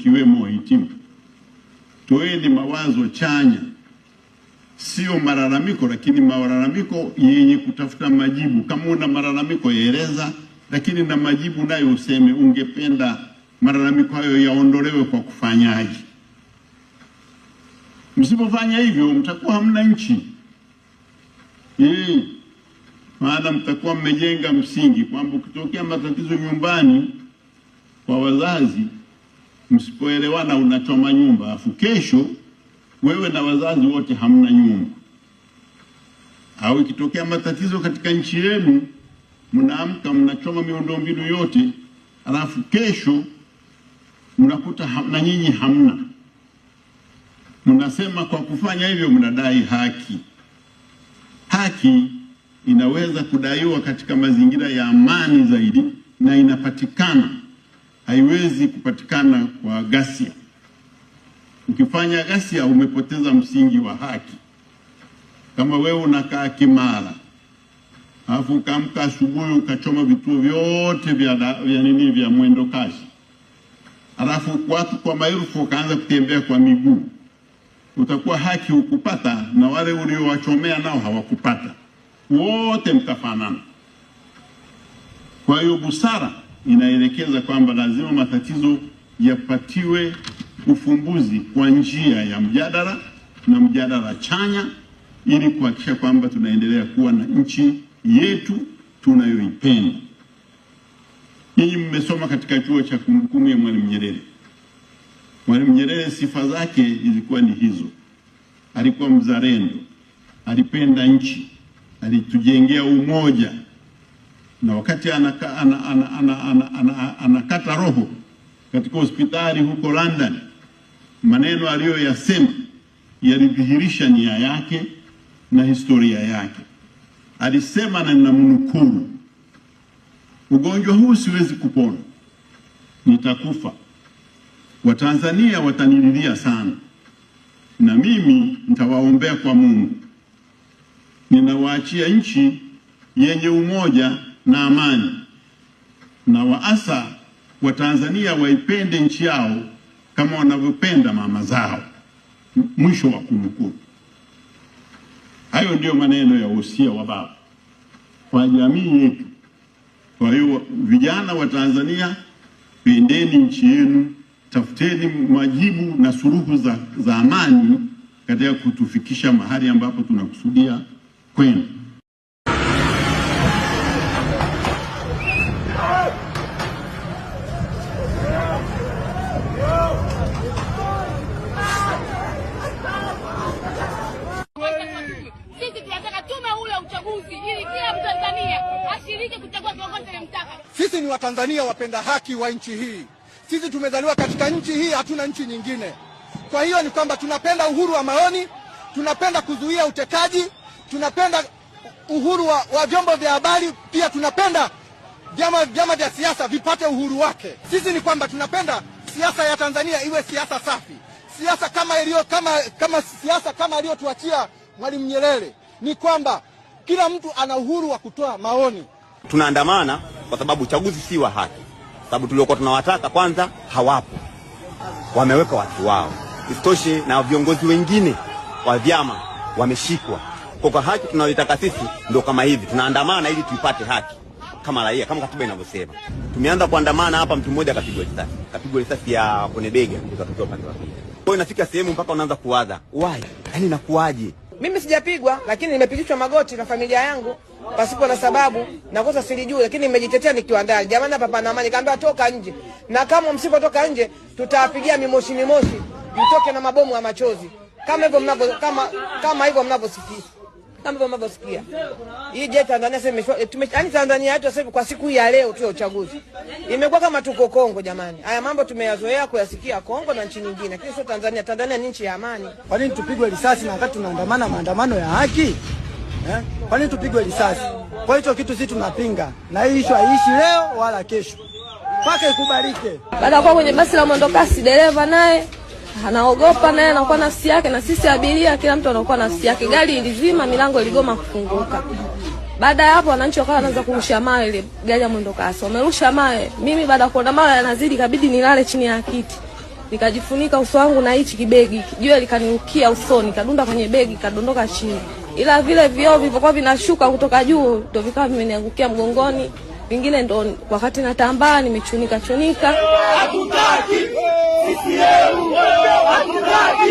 ikiwemo wahitimu, toeni mawazo chanya, sio malalamiko, lakini malalamiko yenye kutafuta majibu. Kama una malalamiko yaeleza, lakini na majibu nayo useme, ungependa malalamiko hayo yaondolewe kwa kufanyaje? Msipofanya hivyo, mtakuwa hamna nchi hii, eh, maana mtakuwa mmejenga msingi kwamba ukitokea matatizo nyumbani kwa wazazi msipoelewana unachoma nyumba, afu kesho wewe na wazazi wote hamna nyumba. Au ikitokea matatizo katika nchi yenu, mnaamka mnachoma miundombinu yote, alafu kesho mnakuta na nyinyi hamna. Mnasema kwa kufanya hivyo mnadai haki. Haki inaweza kudaiwa katika mazingira ya amani zaidi na inapatikana haiwezi kupatikana kwa ghasia. Ukifanya ghasia, umepoteza msingi wa haki. Kama wewe unakaa Kimara alafu ukaamka asubuhi ukachoma vituo vyote vya, vya nini vya mwendo kasi, alafu watu kwa maelfu wakaanza kutembea kwa miguu, utakuwa haki hukupata, na wale uliowachomea nao hawakupata, wote mtafanana. Kwa hiyo busara inaelekeza kwamba lazima matatizo yapatiwe ufumbuzi kwa njia ya mjadala na mjadala chanya, ili kuhakikisha kwamba tunaendelea kuwa na nchi yetu tunayoipenda. Ninyi mmesoma katika chuo cha kumbukumbu ya Mwalimu Nyerere. Mwalimu Nyerere sifa zake zilikuwa ni hizo. Alikuwa mzalendo, alipenda nchi, alitujengea umoja na wakati anakata roho katika hospitali huko London, maneno aliyoyasema yalidhihirisha nia yake na historia yake. Alisema na ninamnukuu, ugonjwa huu siwezi kupona, nitakufa, Watanzania watanililia sana, na mimi nitawaombea kwa Mungu, ninawaachia nchi yenye umoja na amani, na waasa Watanzania waipende nchi yao kama wanavyopenda mama zao. Mwisho wa kunukuu. Hayo ndiyo maneno ya uhusia wa baba kwa jamii yetu. Kwa hiyo vijana wa Tanzania, pendeni nchi yenu, tafuteni majibu na suluhu za, za amani katika kutufikisha mahali ambapo tunakusudia kwenda. kiongozi Sisi ni Watanzania wapenda haki wa nchi hii. Sisi tumezaliwa katika nchi hii, hatuna nchi nyingine. Kwa hiyo ni kwamba tunapenda uhuru wa maoni, tunapenda kuzuia utekaji, tunapenda uhuru wa, wa vyombo vya habari, pia tunapenda vyama vyama vya siasa vipate uhuru wake. Sisi ni kwamba tunapenda siasa ya Tanzania iwe siasa safi, siasa kama iliyo kama kama siasa kama aliyotuachia Mwalimu Nyerere, ni kwamba kila mtu ana uhuru wa kutoa maoni. Tunaandamana kwa sababu uchaguzi si wa haki, sababu tuliokuwa tunawataka kwanza hawapo, wameweka watu wao. Isitoshe na viongozi wengine wa vyama wameshikwa. Kwa kwa haki tunayoitaka sisi ndio kama hivi, tunaandamana ili tuipate haki kama raia, kama katiba inavyosema. Tumeanza kuandamana hapa, mtu mmoja akapigwa risasi, akapigwa risasi ya kwenye bega, ikatokea upande wa pili. Kwa inafika sehemu mpaka unaanza kuwaza why, yani inakuwaje? Mimi sijapigwa, lakini nimepigishwa magoti na familia yangu pasipo na sababu na kosa silijui, lakini nimejitetea nikiwa ndani. Jamani, hapa pana amani. Kaambia toka nje, na kama msipotoka nje tutawapigia mimoshi mimoshi, mtoke na mabomu ya machozi kama hivyo mnavyo kama kama hivyo mnavyosikia kama hivyo mnavyosikia hii je, Tanzania sasa eh, yaani, Tanzania yetu sasa kwa siku ya leo tu ya uchaguzi imekuwa kama tuko Kongo. Jamani, haya mambo tumeyazoea kuyasikia Kongo na nchi nyingine, lakini sio Tanzania. Tanzania ni nchi ya amani. Kwa nini tupigwe risasi na wakati tunaandamana maandamano ya haki? Eh? Kwa nini tupigwe risasi? Kwa hicho kitu sisi tunapinga, na hii ishu haiishi leo wala kesho, mpaka ikubalike. Baada ya kuwa kwenye basi la mwendokasi, dereva naye anaogopa naye anakuwa nafsi yake, na sisi abiria, kila mtu anakuwa nafsi yake. Gari ilizima, milango iligoma kufunguka. Baada ya hapo, wananchi wakawa wanaanza kurusha mawe ile gari ya mwendo wamerusha mawe. Mimi baada ya kuona mawe yanazidi, ikabidi nilale chini ya kiti, nikajifunika uso wangu na hichi kibegi, jua likanirukia usoni, kadunda kwenye begi, kadondoka chini ila vile vioo vilivyokuwa vinashuka kutoka juu ndo vikawa vimeniangukia mgongoni, vingine ndo wakati natambaa nimechunika chunika. Hatutaki hatutaki